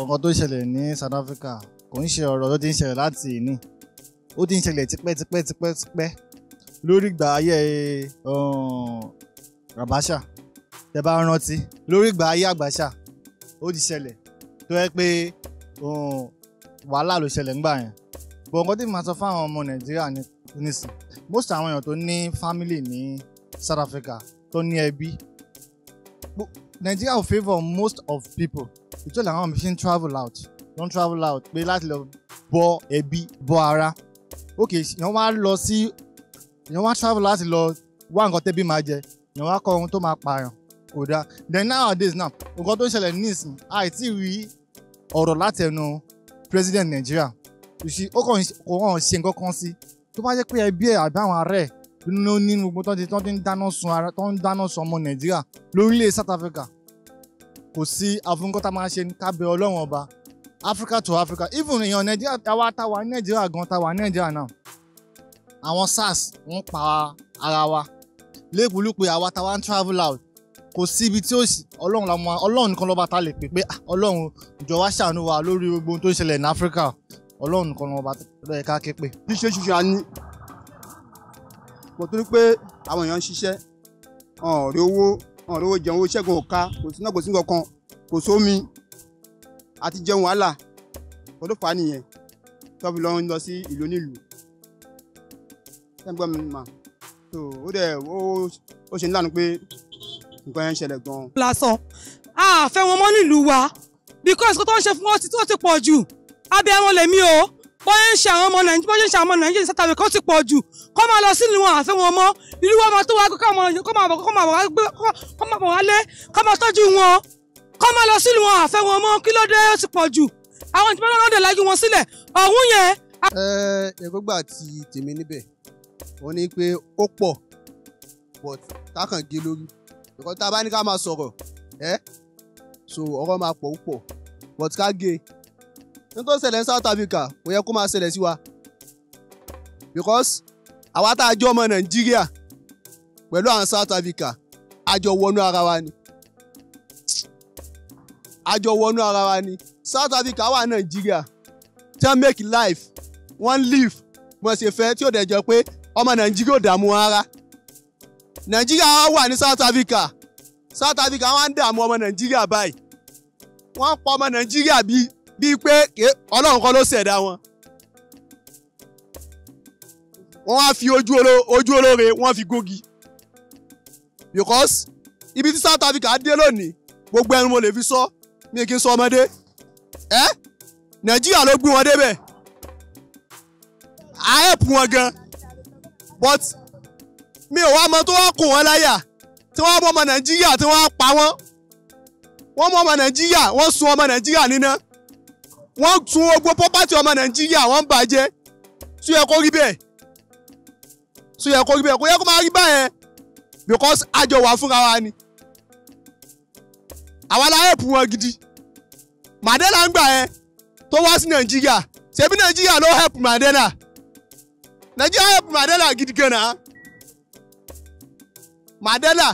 nǹkan tó ṣẹlẹ̀ ní South Africa kò ń ṣe ọ̀rọ̀ tó ti ń ṣẹlẹ̀ láti ìní ó ti ń ṣẹlẹ̀ tipẹ́ tipẹ́ tipẹ́ lórí ìgbà ayé eh, Abacha tẹ bá rántí lórí ìgbà ayé Abacha ó ti ṣẹlẹ̀ tó yẹ pé eh, wàhálà ló ṣẹlẹ̀ ńgbà yẹn bọ̀ nǹkan tí màá sọ fáwọn ọmọ Nàìjíríà nísìn most àwọn èèyàn tó ní family ní South Africa tó ní ẹbí Nàìjíríà ò favour most of people ìjọ làwọn mi fi ń travel out wọ́n ń travel out pé láti lọ bọ́ ẹbí bọ́ ara ok èèyàn wá lọ sí èèyàn wá travel láti lọ wá nǹkan tẹ́bí máa jẹ èèyàn wá kọ ohun tó máa pààyàn kò dáa then nowadays now nǹkan tó ń ṣẹlẹ̀ nísìn àìtí rí ọ̀rọ̀ láti ẹnu president Nigeria òsì ó kàn kò hàn ṣe nǹkan kan sí tó bá jẹ́ pé ẹbí ẹ̀ àbí àwọn ará ẹ̀ nínú gbogbo tó ti ń dáná sun ọmọ Nàìjíríà lórílẹ̀ South Africa kò sí afúnkọ́tà máa ṣe ká ọlọ́run ọba Africa to Africa even èèyàn Nàìjíríà táwa táwa Nàìjíríà gan táwa Nàìjíríà náà àwọn SARS wọ́n pa ara wa lẹ́kùlùpẹ̀ àwa táwa ń travel out kò sí ibi tí ọlọ́run la mọ̀ ọlọ́run nìkan lọ́ba ta lè pè pé ah, ọlọ́run jọ ṣàánú wa lórí gbogbo ohun tó ń ṣẹlẹ̀ ní Africa ọlọ́run nìkan lọ́ba ló yẹ ká ké pè. ṣíṣe ṣíṣe a ní kò tó ní pé àwọn èèyàn ń ṣiṣẹ́ ọ̀rẹ́ owó ọ̀rọ̀ owó jẹun owó ṣẹ́gun ọ̀ka kò sí náà kò sí kankan kò sómi àti jẹun wàhálà kò nìyẹn tó fi lọ sí ìlú nílùú tẹ́gbọ́n mi mà tó ó dẹ̀ ó ṣe nílànà pé nǹkan yẹn ṣẹlẹ̀ gan-an. lásán a wọn mọ́ nílùú wa because kó tó ń ṣe fún wọn ti tó ti pọ̀ jù abẹ́ wọn lèmi o bó ṣe ń ṣe àwọn ọmọ nàìjíríà bó ń ṣe àwọn nàìjíríà South Africa ó ti pọ̀ jù kó máa lọ sílùú wọn àfẹ́ wọn mọ́ ìlú wọn máa tó wá kó máa bọ̀ kó máa bọ̀ kó máa bọ̀ wálé kó máa tọ́jú wọn kó máa lọ sílùú wọn àfẹ́ wọn mọ́ kí ló dé ó ti pọ̀ jù àwọn ìjọba náà dẹ̀ lajú wọn sílẹ̀ ọ̀hún yẹn. ẹ èròǹgbà ti tèmi níbẹ̀ wọ́n ní pé ó pọ̀ but tákàn gé lórí because tá a bá ní ká máa sọ̀rọ̀ ẹ́ so ọ̀rọ̀ máa pọ̀ púpọ̀ but ká gé ní ṣẹlẹ̀ ní South Africa kò yẹ kó máa ṣẹlẹ̀ sí wa because àwa tá a jẹ́ ọmọ Nàìjíríà pẹ̀lú àwọn South Africa àjọ wọnú ara wa ni àjọ wọnú ara wa ni South Africa wà Nàìjíríà tí wọ́n make life one live wọ́n ṣe fẹ́ tí ò dẹ̀ jọ pé ọmọ Nàìjíríà ò dààmú ara Nàìjíríà wà ní South Africa South Africa wọ́n á ń dààmú ọmọ Nàìjíríà báyìí wọ́n pa ọmọ Nàìjíríà bíi bíi pé ọlọ́run kọ́ ló ṣẹ̀dá wọn. wọ́n wá fi ojú olóore wọ́n fi gógi because ibi tí South Africa dé lónìí gbogbo ẹnu mo lè fi sọ mi kì í sọ ọmọdé ẹ Nàìjíríà ló gbé wọn débẹ̀ a help wọn gan but mi ò wá mọ tó wá kó wọn láyà tí wọ́n mọ ọmọ Nàìjíríà tí wọ́n pa wọ́n wọ́n mọ ọmọ Nàìjíríà wọ́n sun ọmọ Nàìjíríà níná. wọ́n tún ogbó pọ́pátì ọmọ nàìjíríà wọ́n ń bàjẹ́ tó yẹ kó rí bẹ́ẹ̀ tó yẹ kó rí bẹ́ẹ̀ kó yẹ kó máa rí báyẹn because àjọ wà fúnra wa ni àwa la help wọn gidi Mandela ń gbà yẹn tó wá sí nàìjíríà ṣebí nàìjíríà ló help Mandela nàìjíríà help Mandela gidi gan na Mandela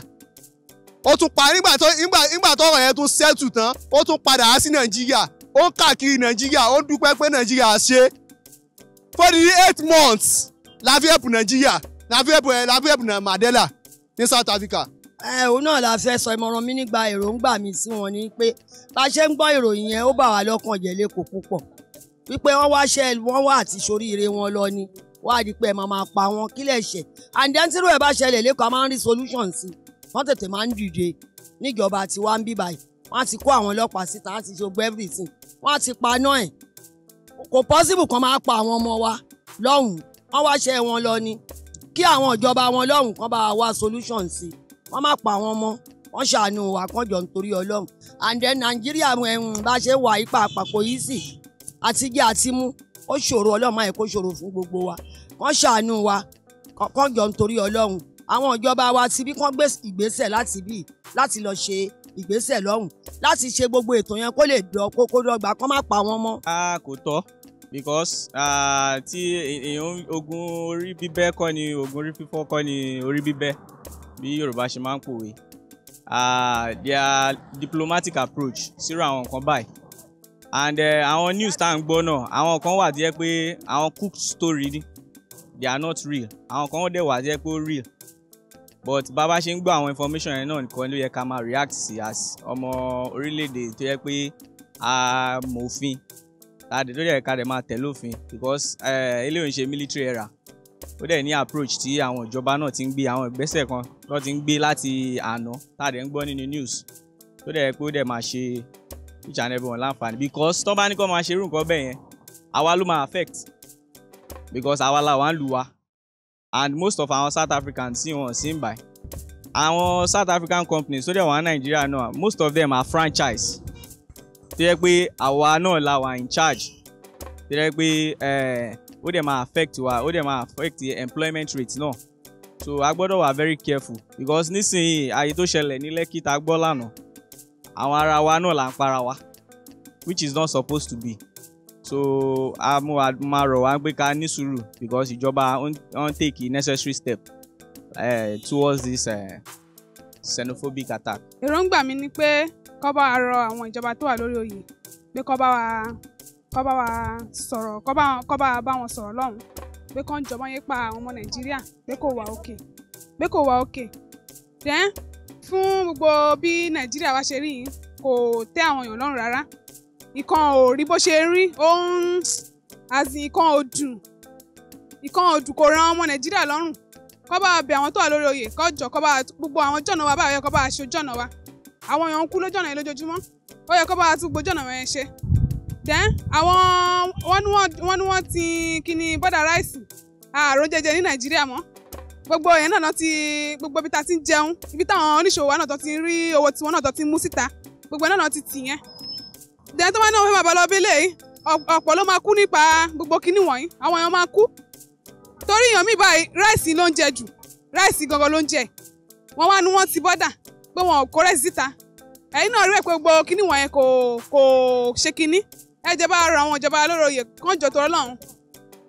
ó tún pa nígbà tó nígbà ọ̀rọ̀ yẹn tún settle tán ó tún padà á sí nàìjíríà ó ń káàkiri nàìjíríà ó ń dúpẹ́ pé nàìjíríà ṣe for the eight months la fi help nàìjíríà la fi help eh, la fi help Mandela ní South Africa. ẹ òun náà la fẹ́ sọ ìmọ̀ràn mi nígbà èròǹgbà mi sí wọn ni pé bá a ṣe ń gbọ́ ìròyìn yẹn ó bà wá lọ́kàn jẹ́ lẹ́kọ̀ọ́ púpọ̀ wípé wọ́n wá ṣe wọ́n wá àti ṣoríire wọn lọ ni wọ́n á di pé ẹ̀ máa máa pa wọn kílẹ̀ ṣẹ̀ and then tí irú ẹ̀ bá ṣẹlẹ̀ lẹ́kọ̀ọ́ a máa ń rí solution sí wọ́n tètè máa ń dìde níjọba tiwa ń bí wọ́n á ti kó àwọn ọlọ́pàá síta á ti ṣogbó everything wọ́n á ti paná ẹ̀ kò pọ́sibù kan máa pa àwọn ọmọ wa lọ́hùn-ún wọ́n wá ṣe wọn lọ ni kí àwọn ìjọba wọn lọ́hùn kan bá wá solution sí wọ́n má pa àwọn ọmọ wọ́n ṣàánú àkànjọ nítorí ọlọ́run and then nàìjíríà ẹ̀hún bá ṣe wà ipa àpapọ̀ yìí sì àti jẹ́ àti mú ó ṣòro ọlọ́run máa kó ṣòro fún gbogbo wa wọ́n ṣàánú wa kànjọ nítorí ọlọ́run àwọn ìjọba wa ti bí kán gbé ìgbésẹ̀ láti bí láti lọ ṣe ìgbésẹ̀ lọ́hùn láti ṣe gbogbo ètò yẹn kó lè dọ̀ kókó dọ́gba kó má pa wọn mọ́. a kò tọ́ because tí èèyàn ogun orí bíbẹ́ kọ́ ni ogun orí fífọ́ kọ́ ni orí bíbẹ́ bí Yorùbá ṣe máa ń pòwe their diplomatic approach sírò àwọn nǹkan báyìí and eh, àwọn uh, news tá à ń gbọ́ náà àwọn kan wà díẹ̀ pé àwọn cooked story ni they are not real àwọn kan dẹ̀ wà díẹ̀ pé ó real but bá bá ṣe ń gbọ́ àwọn information yẹn náà nìkan ló yẹ ká máa react sí as ọmọ orílẹ̀-èdè tó yẹ pé a mòfin tàdé tó yẹ ká dẹ̀ máa tẹ̀lé òfin because eh, eléyìí ń ṣe military era ó dẹ̀ ní approach tí àwọn ìjọba náà ti ń gbé àwọn ìgbésẹ̀ kan tó ti ń gbé láti àná tàdé ń gbọ́ nínú news tó dẹ̀ pé ó dẹ̀ máa ṣe each and every one láǹfààní because tó bá ní kó máa ṣe irú nǹkan bẹ́ẹ̀ yẹn àwa ló máa affect because àwa làwọn lù wa and most of our South Africans tí wọ́n sì ń buy àwọn South African companies So they wà ní Nàìjíríà náà most of them are franchise tó yẹ pé àwa náà la wà in charge tó yẹ pé eh, ó dẹ̀ máa affect wa ó dẹ̀ máa affect the employment rate náà so a gbọ́dọ̀ wà very careful because nísìnyí àyè tó ṣẹlẹ̀ ní Lẹ́kì tá a gbọ́ lánàá àwọn ara wa náà là ń para wa which is not supposed to be so a mú wa máa rọ̀ wá pé ká ní sùúrù because ìjọba wọ́n take necessary step uh, towards this uh, xenophobic attack. èròǹgbà mi ni pé kó bá wa rọ àwọn ìjọba tó wà lórí oyè pé kó bá wa kó bá wa sọ̀rọ̀ kó bá kó bá bá wọn sọ̀rọ̀ lọ́hùn pé kó ń jọmọ́ yípa àwọn ọmọ nàìjíríà pé kò wà òkè pé kò wà òkè then fún gbogbo bí nàìjíríà wa ṣe rí yìí kò tẹ́ àwọn èèyàn lọ́rùn rárá ìkan ò rí bó ṣe rí ó ń àti ìkan ò dùn ìkan ò dùn kò ran ọmọ nàìjíríà lọ́rùn kọ́ bá bẹ àwọn tó wà lórí oyè kọ́jọ kọ́ bá gbogbo àwọn jọ̀nà wa báyọ̀ kọ́ bá aṣojú ọ̀nà wa àwọn èèyàn ń kú lójọ́nà yẹn lójoojúmọ́ ó yẹ kọ́ bá tún gbójọ́nà yẹn ṣe then àwọn wọ́n ní wọ́n ní wọ́n ti kíni bọ́dà ráìsì ààrò jẹjẹ ní nàìjíríà mọ́ gbogbo yẹn náà ti gbogbo ibi tá a ti ń jẹun ibi táwọn oníṣòwò wa náà tó ti rí owó tiwọn náà tó ti mú síta gbogbo náà ti tì yẹn dẹ́n tó bá náà wọ́n fẹ́ bàbá lọ bí léyìí ọ̀pọ̀ ló máa kú nípa gbogbo kinní wọ̀nyí àwọn èèyàn máa kú torí èèyàn míì báyìí ráìsì ló ń jẹ jù ráìsì gangan ló ń jẹ wọ́n wá ní wọ́n ti bọ́dà pé wọn ò kó síta ẹ̀yin náà rí ẹ̀ pé gbogbo kinní wọ̀nyẹn kò kò ṣe kinní ẹ jẹ́ bá ra àwọn ìjọba lóròyè kán jọ tọrọ lọ́run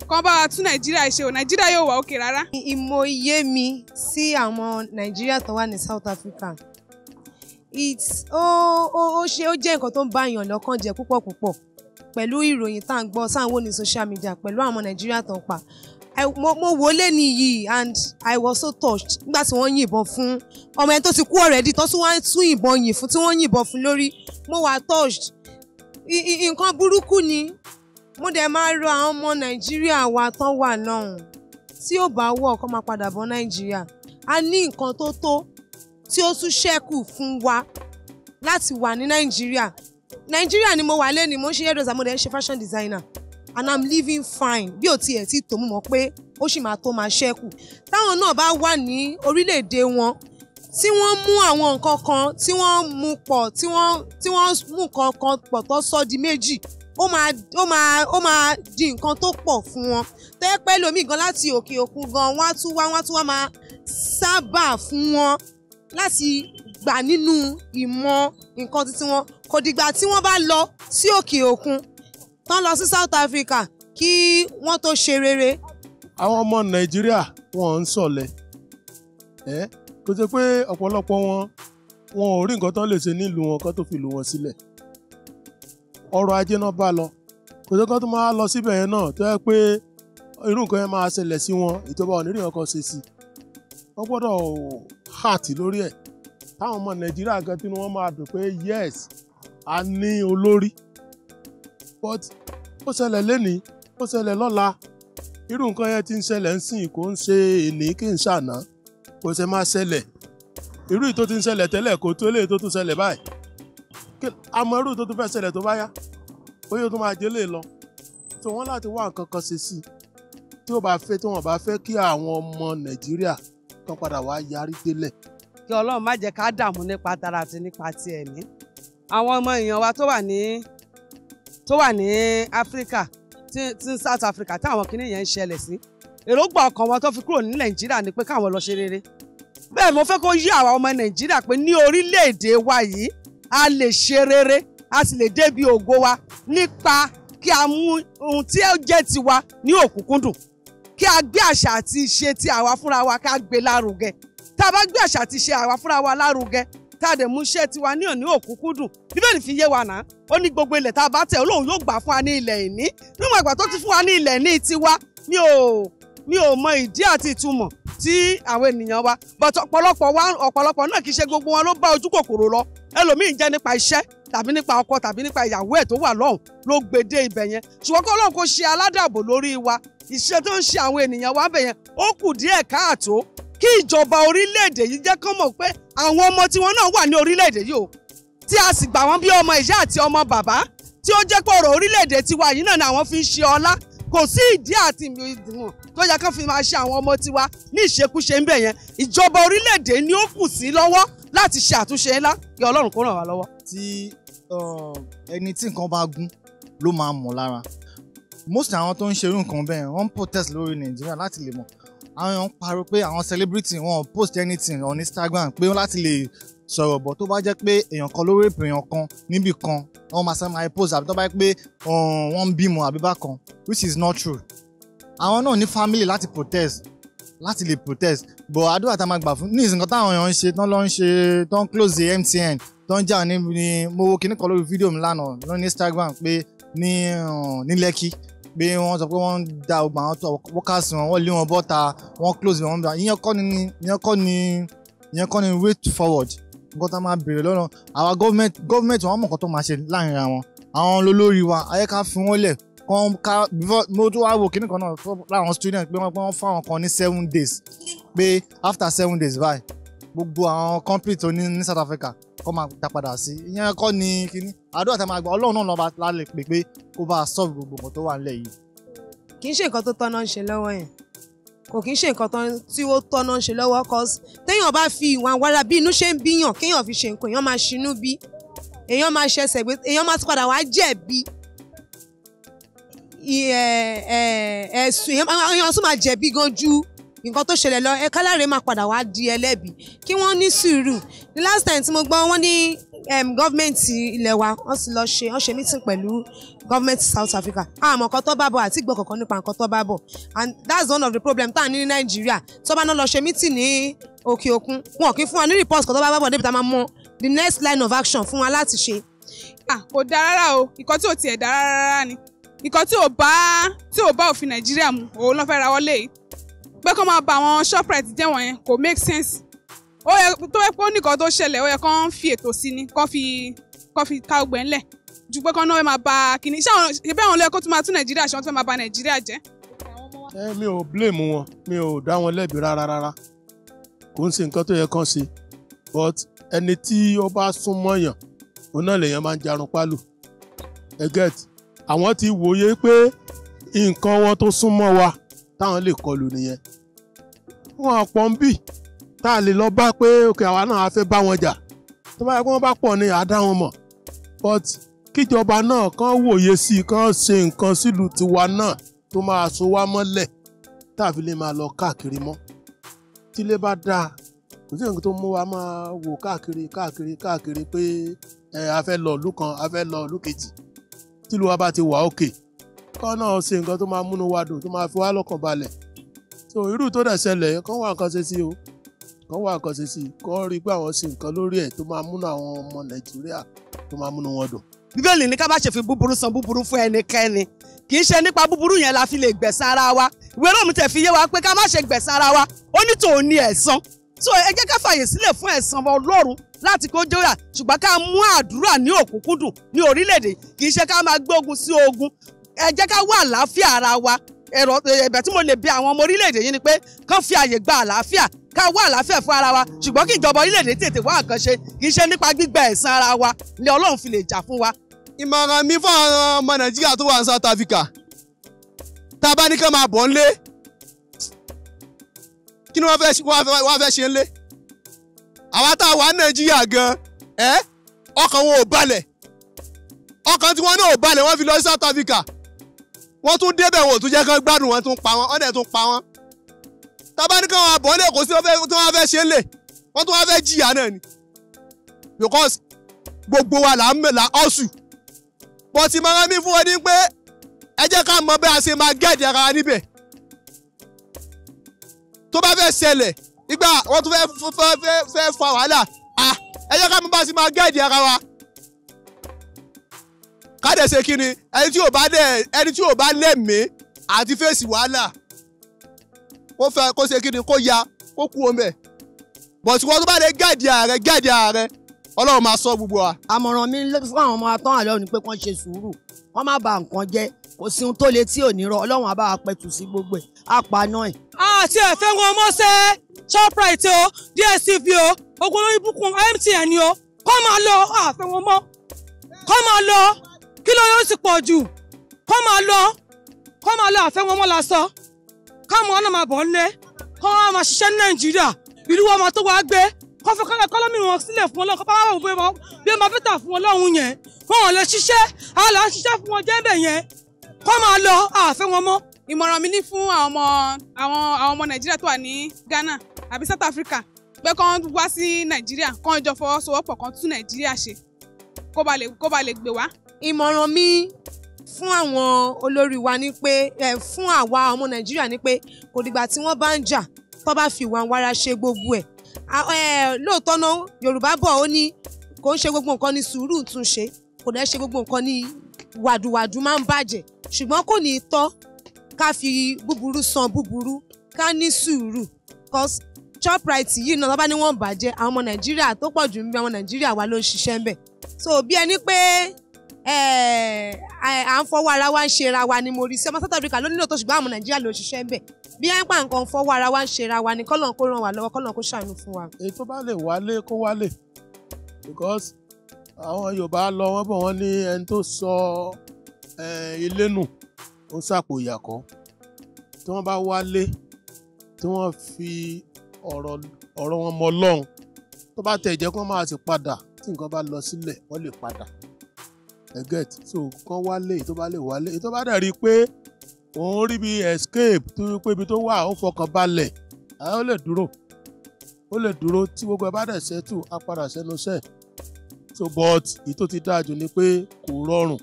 kán bá tún nàìjíríà ṣe ò nàìjíríà yóò wà òkè rárá. ìmọ̀ iye mi sí àwọn nàìjíríà tó wà ní South Africa it's ó ó ó ṣe ó jẹ́ nǹkan tó ń bá èèyàn lọ́kàn jẹ́ púpọ̀ púpọ̀ pẹ̀lú ìròyìn tá à ń gbọ́ sáwọn ní social media pẹ̀lú àwọn nàìjíríà tó ń pa mo mo wò lé ní yìí and i was so touched nígbà tí wọ́n yìnbọn fún ọmọ ẹni tó ti kú already tó tún wá tún ìbọn yìn fún tí wọ́n yìnbọn fún lórí mo wà touched nǹkan burúkú ni mo dẹ̀ máa rọ àwọn ọmọ nàìjíríà wa tán wà lọ́hùn-ún tí ò bá wọ̀ kó máa padà bọ̀ nàìjíríà a ní nǹkan tó tó tí ó tún ṣẹ́kù fún wa láti wà ní nàìjíríà nàìjíríà ni mo wà lẹ́ni mo ń ṣe hairdresser mo dẹ̀ ń ṣe fashion designer and i'm living fine bí ò tiẹ̀ tí tòun mọ̀ pé ó sì máa tó máa ṣẹ́kù táwọn náà bá wà ní orílẹ̀-èdè wọn tí wọ́n mú àwọn nǹkan kan tí wọ́n mú pọ̀ tí wọ́n tí wọ́n mú nǹkan kan pọ̀ tó sọ di méjì ó máa ó máa ó máa di nǹkan tó pọ̀ fún wọn tó yẹ pé lómi gan láti òkè òkun gan wọ́n á tún wá wọ́n á tún wá máa sábà fún wọn láti gbà nínú ìmọ̀ nǹkan tuntun wọn kò dìgbà tí wọ́n bá lọ sí òkè òkun tán lọ sí South Africa kí wọ́n tó ṣe rere. àwọn ọmọ Nàìjíríà wọn ń sọlẹ ẹ kò jẹ́ pé ọ̀pọ̀lọpọ̀ wọn wọn ò rí nǹkan tán lè ṣe nílùú wọn kó tó fi lù wọn sílẹ̀ ọrọ̀ ajé náà bá lọ kò jẹ́ kán tó máa lọ síbẹ̀ yẹn náà tó yẹ pé irú nǹkan yẹn máa ṣẹlẹ̀ sí wọn ìjọba ò ní rí nǹkan ṣe sí i wọ́n heart lórí ẹ̀ táwọn ọmọ nàìjíríà gan tí wọ́n máa dùn pé yes a ní olórí but ó ṣẹlẹ̀ lénìí ó ṣẹlẹ̀ lọ́la irú nǹkan yẹn ti ń ṣẹlẹ̀ ń sìn kó ń ṣe èní kí n ṣàná kó ṣe máa ṣẹlẹ̀ irú ìtó ti ń ṣẹlẹ̀ tẹ́lẹ̀ kó tó lè tó tún ṣẹlẹ̀ báyìí àmọ́ irú ìtó tún fẹ́ ṣẹlẹ̀ tó bá yá bóyá ó tún máa jẹ́ lè lọ tó wọ́n láti wá nǹkan kan ṣe sí i tí ó bá fẹ́ tí wọ́n bá fẹ́ kí àwọn ọmọ nàìjíríà tó padà wá yarí délẹ̀. kí ọlọ́run má jẹ́ ká dààmú nípa tara àti nípa ti ẹ̀mí àwọn ọmọ èèyàn wa tó wà ní tó wà ní áfíríkà tí south africa táwọn kinní yẹn ń ṣẹlẹ̀ sí èròǹgbà ọkàn wọn tó fi kúrò ní nàìjíríà ni pé káwọn lọ ṣe rere bẹ́ẹ̀ mo fẹ́ kó yí àwa ọmọ nàìjíríà pé ní orílẹ̀-èdè wa yìí a lè ṣe rere a sì lè débi ògo wa nípa kí a mú ohun tí ó jẹ́ tiwa ní òkúkúndùn kí a gbé àṣà àti ìṣe ti àwa fúnra wa ká gbé lárugẹ tá a bá gbé àṣà àti ìṣe àwa fúnra wa lárugẹ tá a dẹ̀ mú iṣẹ́ tiwa ní òní òkúkúdùn bíbélì fi yé wa náà ó ní gbogbo ilẹ̀ tá a bá tẹ̀ olóhùn yóò gbà fún wa ní ilẹ̀ ìní níwọ̀n ìgbà tó ti fún wa ní ilẹ̀ ní tiwa mi ò mi ò mọ ìdí àti ìtumọ̀ tí àwọn ènìyàn wa but ọ̀pọ̀lọpọ̀ wa ọ̀pọ̀lọpọ̀ náà kì í ṣe gbogbo wọn ló bá ojú kòkòrò lọ ẹlòmíì jẹ́ nípa iṣẹ́ tàbí nípa ọkọ tàbí nípa ìyàwó ẹ̀ tó wà lọ́hùn ló gbèdé ibẹ̀ yẹn ṣùgbọ́n kọ́ Ọlọ́run kò ṣe aládàbò lórí wa iṣẹ́ tó ń ṣe àwọn ènìyàn wa bẹ̀yẹn ó kù díẹ̀ káàtó kí ìjọba orílẹ̀-èdè yìí jẹ́ kán mọ̀ pé àwọn ọmọ tiwọn náà wà ní orílẹ̀-èdè yìí o tí a sì gbà wọ́n bí ọmọ ìyá àti ọmọ bàbá tí ó jẹ́ pé orílẹ̀-èdè tiwa yìí náà ni àwọn fi ń ṣe ọlá kò sí ìdí àti ìdìmọ̀ tó yẹ kán fi máa ṣe àwọn ọmọ tiwa ní ìṣekúṣe ń bẹ̀ ìjọba orílẹ̀-èdè ni ó kù sí lọ́wọ́ láti ṣe àtúnṣe ńlá kí ọlọ́run kó ràn wá lọ́wọ́. tí ẹni tí nǹkan bá gún ló máa mọ̀ lára most àwọn tó ń ṣerú nǹkan bẹ́ẹ̀ wọ́n ń protest lórí nàìjíríà láti lè mọ̀ àwọn èèyàn ń pariwo pé àwọn celebrity wọn post anything on instagram pé láti lè sọ̀rọ̀ bọ̀ tó bá jẹ́ pé èèyàn kan ló rape èèyàn kan níbì kan wọ́n máa sáré máa post àbí tó bá jẹ́ pé wọ́n ń bímọ àbí bákan which is not true àwọn náà ní family láti protest láti lè protest bọ̀ àdúrà tá a máa gbà fún ní ìsìnkàn táwọn èèyàn ń ṣe tán ló ń ṣe tán close the MTN tán jà ní mo wo kíní kan lórí fídíò mi lánàá lórí instagram pé ní ní Lẹ́kì pé wọ́n sọ pé wọ́n ń da ọgbà àwọn workers wọn wọ́n lé wọn bọ́ta wọ́n close wọn bá ìyẹn kọ́ ni ìyẹn kọ́ ni ìyẹn kọ́ ni way forward nǹkan tá a máa béèrè lọ́nà àwa government government wọn mọ̀ nǹkan tó máa ṣe láàrin àwọn àwọn olórí wa ayé ká fi wọ́n lẹ̀ kan ká mo tún wá wò kíní kan náà láwọn student pé wọ́n pé wọ́n fáwọn kan ní seven days pé after seven days báyìí gbogbo àwọn company tó ní ní South Africa kọ́ máa dá padà sí ìyẹn kọ́ ni kíní àdúrà tá a máa gbà ọlọ́run náà lọ́ba lálẹ́ pé pé kó bá a solve gbogbo nǹkan tó wà nílẹ̀ yìí. kì í ṣe nǹkan tó tọ́nà ń ṣe lọ́wọ́ yẹn kò kì í ṣe nǹkan tí ó tọ́nà ń ṣe lọ́wọ́ cause téèyàn bá fi ìwà wára bí inú ṣe ń bíyàn kéèyàn fi ṣe nǹkan èèyàn máa ṣinú bí èèyàn máa ṣẹṣẹ gbé èèyàn máa padà wá jẹ̀bi ẹ̀sùn èèyàn tún máa jẹ̀bi gan ju nǹkan tó ṣẹlẹ̀ lọ ẹ káláre máa padà wá di ẹlẹ́bi kí wọ́n ní sùúrù the last time tí mo gbọ́ wọ́n ní gọ́ọ̀mẹ̀ntì ilẹ̀ wa wọ́n sì lọ ṣe wọ́n ṣe meeting pẹ̀lú gọ́ọ̀mẹ̀ntì South Africa àmọ́ nǹkan tó bá bọ̀ àti gbọ́ kọ̀ọ̀kan nípa nǹkan tó bá bọ̀ and that's one of the problem tá à ní ní Nàìjíríà tó bá náà lọ ṣe meeting ní òkè òkun wọn kì í fún wa ní report kan tó bá bá bọ̀ débi máa mọ the next line of action fún wa láti ṣe. kò dáa rárá o nǹkan tí ò tiẹ̀ dáa rárá ni nǹkan tí ò bá tí ò bá òfin Nàìjíríà mu òun ló fẹ́ rawọ́ lé yìí pé kó máa ba àwọn shoprite jẹ́ wọ̀nyẹn kò make sense ó yẹ tó yẹ pé ó nìkan tó ṣẹlẹ̀ ó yẹ kó ń fi ètò sí ni kó fi kó fi ká ọgbẹ́ ńlẹ̀ ju pé kó náà máa ba kìíní ṣé àwọn ṣe bẹ́ẹ̀ wọn lọ́yẹ kó tún máa tún nàìjíríà ṣe wọ́n tún máa ba nàìjíríà jẹ́. ẹ mi ò blame wọn mi ò dá wọn lẹ́bi rárá rárá kò ń ṣe nǹkan tó yẹ kán ṣe but ẹni tí ó bá súnmọ́ yàn òun náà lèèyàn máa ń jarun pálù ẹ get àwọn ti wòye pé nǹkan wọn tó súnmọ́ wa táwọn lè kọlù nìyẹn wọn pọ̀ ń bì tá a lè lọ bá pé òkè àwa náà á fẹ́ bá wọn jà tó bá yẹ kí wọ́n bá pọ̀ ni àdá wọn mọ̀ but kíjọba náà kàn wòye sí i kàn ṣe nǹkan sílùú tiwa náà tó máa so wá mọ́lẹ̀ tá a fi lè máa lọ káàkiri mọ́ tílé bá dáa kò sí nǹkan tó mú wa máa wò káàkiri káàkiri káàkiri pé ẹ a fẹ́ lọ ìlú kan a fẹ́ lọ ìlú kejì tílùú wa bá ti wà ókè. Okay kọ́ náà ṣe nǹkan tó máa múnú wa dùn tó máa fi wá lọ́kàn balẹ̀ so irú tó dẹ̀ ṣẹlẹ̀ kọ́ wà nǹkan ṣe sí o kọ́ wà nǹkan ṣe sí kọ́ rí pé àwọn ṣe nǹkan lórí ẹ̀ tó máa múnú àwọn ọmọ Nàìjíríà tó máa múnú wọn dùn. Bíbélì ní ká má ṣe fi búburú san búburú fún ẹnikẹ́ni kì í ṣe nípa búburú yẹn la fi lè gbẹ̀san ara wa ìwé Róòmù tẹ̀ fi yé wa pé ká má ṣe gbẹ̀san ara wa ó ní so ẹ jẹ́ ká fàyè sílẹ̀ fún ẹ̀san Ọlọ́run láti kó jóyà ṣùgbọ́n ká mú àdúrà ní òkúnkúndùn ẹ jẹ́ ká wá àlàáfíà ara wa ẹ̀rọ ẹ̀bẹ̀ tí mo lè bi àwọn ọmọ orílẹ̀-èdè yìí ni pé kán fi àyè gba àlàáfíà ká wá àlàáfíà fún ara wa ṣùgbọ́n kí ìjọba orílẹ̀-èdè tètè wá nǹkan ṣe kì í ṣe nípa gbígba ẹ̀san ara wa ni Ọlọ́run fi lè jà fún wa. ìmọ̀ràn mi fún àwọn ọmọ Nàìjíríà tó wà ní South Africa tá a bá ní ká máa bọ̀ ńlé kí ni wọ́n fẹ́ ṣe ńlé àwa tá a wà ní Nàìjíríà gan ẹ́ ọkàn wọn ò balẹ̀ ọkàn tí wọ́n náà ò balẹ̀ wọ́n fi lọ sí South Africa wọ́n tún débẹ̀ wọn ò tún jẹ́ kán gbádùn wọn tún pa wọn ọ̀dẹ̀ tún pa wọn. tábánikàn wọn àbọ̀ lè kó sí tí wọ́n fẹ́ ṣe lè wọ́n tún wá fẹ́ jìyà náà ni because gbogbo wa là ń mẹ́la ọ̀sù bọ́tí máa ń mí fún wọn ní pé ẹ jẹ́ ká mọ bí a ṣe máa gẹ́ẹ̀dì ara wa níbẹ̀ tó bá fẹ́ ṣẹlẹ̀ ìgbà wọ́n tún fẹ́ fa wàhálà ẹ jẹ́ ká mọ bá a ṣe máa gẹ́ẹ̀dì ara wa kádẹ̀ ṣe kí ni ẹni tí ò bá dẹ̀ ẹni tí ò bá lẹ́mìí àti fèsì wàhálà kó fẹ́ kó ṣe kí ni kó ya kó kú omi ẹ̀ bọ̀tí wọ́n tó bá lè gáàdì ààrẹ gáàdì ààrẹ ọlọ́run máa sọ gbogbo wa. àmọ̀ràn mi fún àwọn ọmọ atán àlọ́ ni pé kán ṣe sùúrù wọ́n má ba nǹkan jẹ́ kò sí ohun tó le tí ò ní rọ ọlọ́run á bá sí gbogbo ẹ̀ á náà ẹ̀. àti ẹ̀fẹ́ wọn mọ́sẹ́ shoprite o dstv o ogun olóyìnbó mtn o kọ́ máa lọ àfẹ́ wọn mọ́ kọ́ máa lọ kí ló yóò sì pọ̀ jù kó máa lọ kó máa lọ àfẹ́ wọn mọ́ la sọ káwọn ọ̀nà máa bọ̀ nílé kó wọn máa ṣiṣẹ́ ní nàìjíríà ìlú wa máa tó wá gbé kó fẹ́ kọ́lẹ́ kọ́lọ́mì wọn sílẹ̀ fún ọlọ́run kó bá wà wọ́n bí wọ́n máa fẹ́ tà fún ọlọ́run yẹn fún wọn lè ṣiṣẹ́ a là ń ṣiṣẹ́ fún wọn jẹ́ńbẹ̀ yẹn kó máa lọ àfẹ́ wọn mọ́. ìmọ̀ràn mi ní fún àwọn ọmọ àwọn ọmọ nàìjíríà tó wà ní ghana àbí south africa pé kán wá sí nàìjíríà kán jọ fọwọ́sowọ́pọ̀ kán tún nàìjíríà ṣe kó ba lè gbé wá ìmọ̀ràn mi fún àwọn olórí wa ni pé ẹ eh, fún àwa ọmọ Nàìjíríà ni pé kò dìgbà tí wọ́n bá ń jà tó bá fi ìwà wàrà ṣe gbogbo ẹ̀ eh, lóòótọ́ náà Yorùbá bọ̀ ó ní kò ń ṣe gbogbo nǹkan ní sùúrù tún ṣe kò dẹ̀ ṣe gbogbo nǹkan ní wàdùwàdù máa ń bàjẹ́ ṣùgbọ́n kò ní í tọ́ ká fi búburú san búburú ká ní sùúrù cause Shoprite yìí náà lọ́ba ni wọ́n bàjẹ́ àwọn ọmọ Nàìjíríà tó pọ̀ jù ń bẹ ọmọ Nàìjíríà wa ló ń ṣiṣẹ́ ń bẹ̀ so bí ẹni pé Eh, eh, à ń fọwọ́ ara wa ń ṣe ra wa ni mo rí sí ọmọ South Africa ló nílò tó ṣùgbọ́n àwọn Nàìjíríà ló ṣiṣẹ́ bẹ̀ bí wọ́n pa nǹkan fọwọ́ ara wa ń ṣe ra wa ni kọ́lọ̀ kó ràn wá lọ́wọ́ kọ́lọ̀ kó ṣàánú fún wa. èyí bá lè wálé kó wálé because àwọn Yorùbá lọ wọ́n bọ̀ wọ́n ní ẹni tó sọ eh, ilé nù ó sàpò ìyàkọ́ tí wọ́n bá wálé tí wọ́n fi ọ̀rọ̀ wọn mọ Ọlọ́run tó bá tẹ̀ jẹ́ kó máa sì padà tí nǹkan bá lọ sílẹ̀ wọ́n lè padà get so kán wálé èyí tó bá lè wálé èyí tó bá dẹ̀ rí i pé òun rí bí escape tó rí pé ibi tó wà ó fọkàn balẹ̀ ó lè dúró ó lè dúró tí gbogbo ẹ bá dẹ̀ ṣẹ́tù á padà sẹ́nu sẹ́ẹ̀ so but èyí tó ti dáa jù ni pé kò rọrùn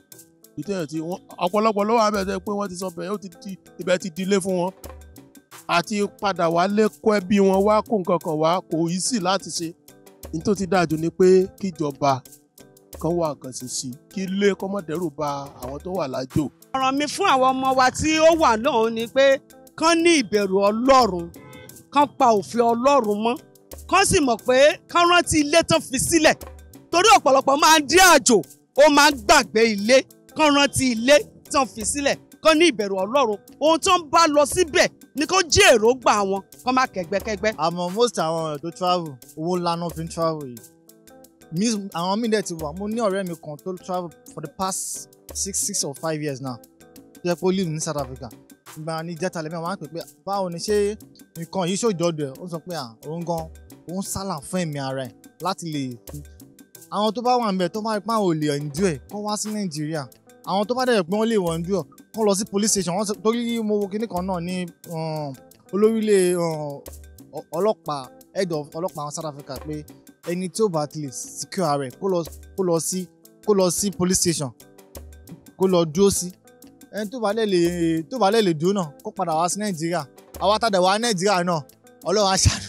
ìtẹ́yìn tí wọ́n ọ̀pọ̀lọpọ̀ ló wà bẹ̀rẹ̀ pé wọ́n ti sọ bẹ̀rẹ̀ ó ti di ibẹ̀ ti dilé fún wọn àti padà wá lẹ́kọ́ ẹbí wọn wá kó nǹkan kan wá kò í sì láti ṣe ní tó ti dájú ni pé kíjọba kan wá nǹkan ṣe sí kí ilé kọ́mọ̀dẹ́rù ba àwọn tó wà lájò. ọ̀rọ̀ mi fún àwọn ọmọ wa tí ó wà lọ́hùn ni pé kán ní ìbẹ̀rù ọlọ́run kán pa òfin ọlọ́run mọ́ kán sì mọ̀ pé kán rántí ilé tán fi sílẹ̀ torí ọ̀pọ̀lọpọ̀ máa dí àjò ó máa gbàgbé ilé kán rántí ilé tán fi sílẹ̀ kán ní ìbẹ̀rù ọlọ́run ohun tó ń bá lọ síbẹ̀ ni kó jẹ́ èròǹgbà wọn kán má kẹ́gbẹ́kẹ́gbẹ́. àmọ́ most àwọn ọ̀rẹ́ tó travel owó ńlá náà fi ń travel yìí àwọn míì dẹ̀ ti wà mo ní ọ̀rẹ́ mi kan tó travel for the past six six or five years now tó yẹ pé ó live ní South Africa ìgbà ní jẹ́ta lẹ́mí àwọn àpè pé báwo ni ṣé nǹkan yìí ṣòjọ́dọ̀ ẹ̀ ó sọ pé òun gan òun sálà fún ẹ̀mí ara ẹ̀ láti lè fi àwọn tó bá wà ń bẹ̀ tó bá rí pàwọn olè ọ̀ǹdú ẹ̀ kó wá sí Nàìjíríà àwọn tó bá dẹ̀ pé wọ́n lè wọ̀ǹdú ẹ̀ kó lọ sí police station wọ́n torí mo wo kinní kan náà ní um, olórílẹ̀ um, ọlọ́pàá head of ọlọ́pàá South Africa pé ẹni tí ó bá ti lè secure rẹ̀ kó lọ kó lọ sí kó lọ sí police station kó lọ dúró sí ẹni tó bá lè lè tó bá lè lè dúró náà kó padà wá sí nàìjíríà àwa tàdé wá nàìjíríà náà ọlọ́run á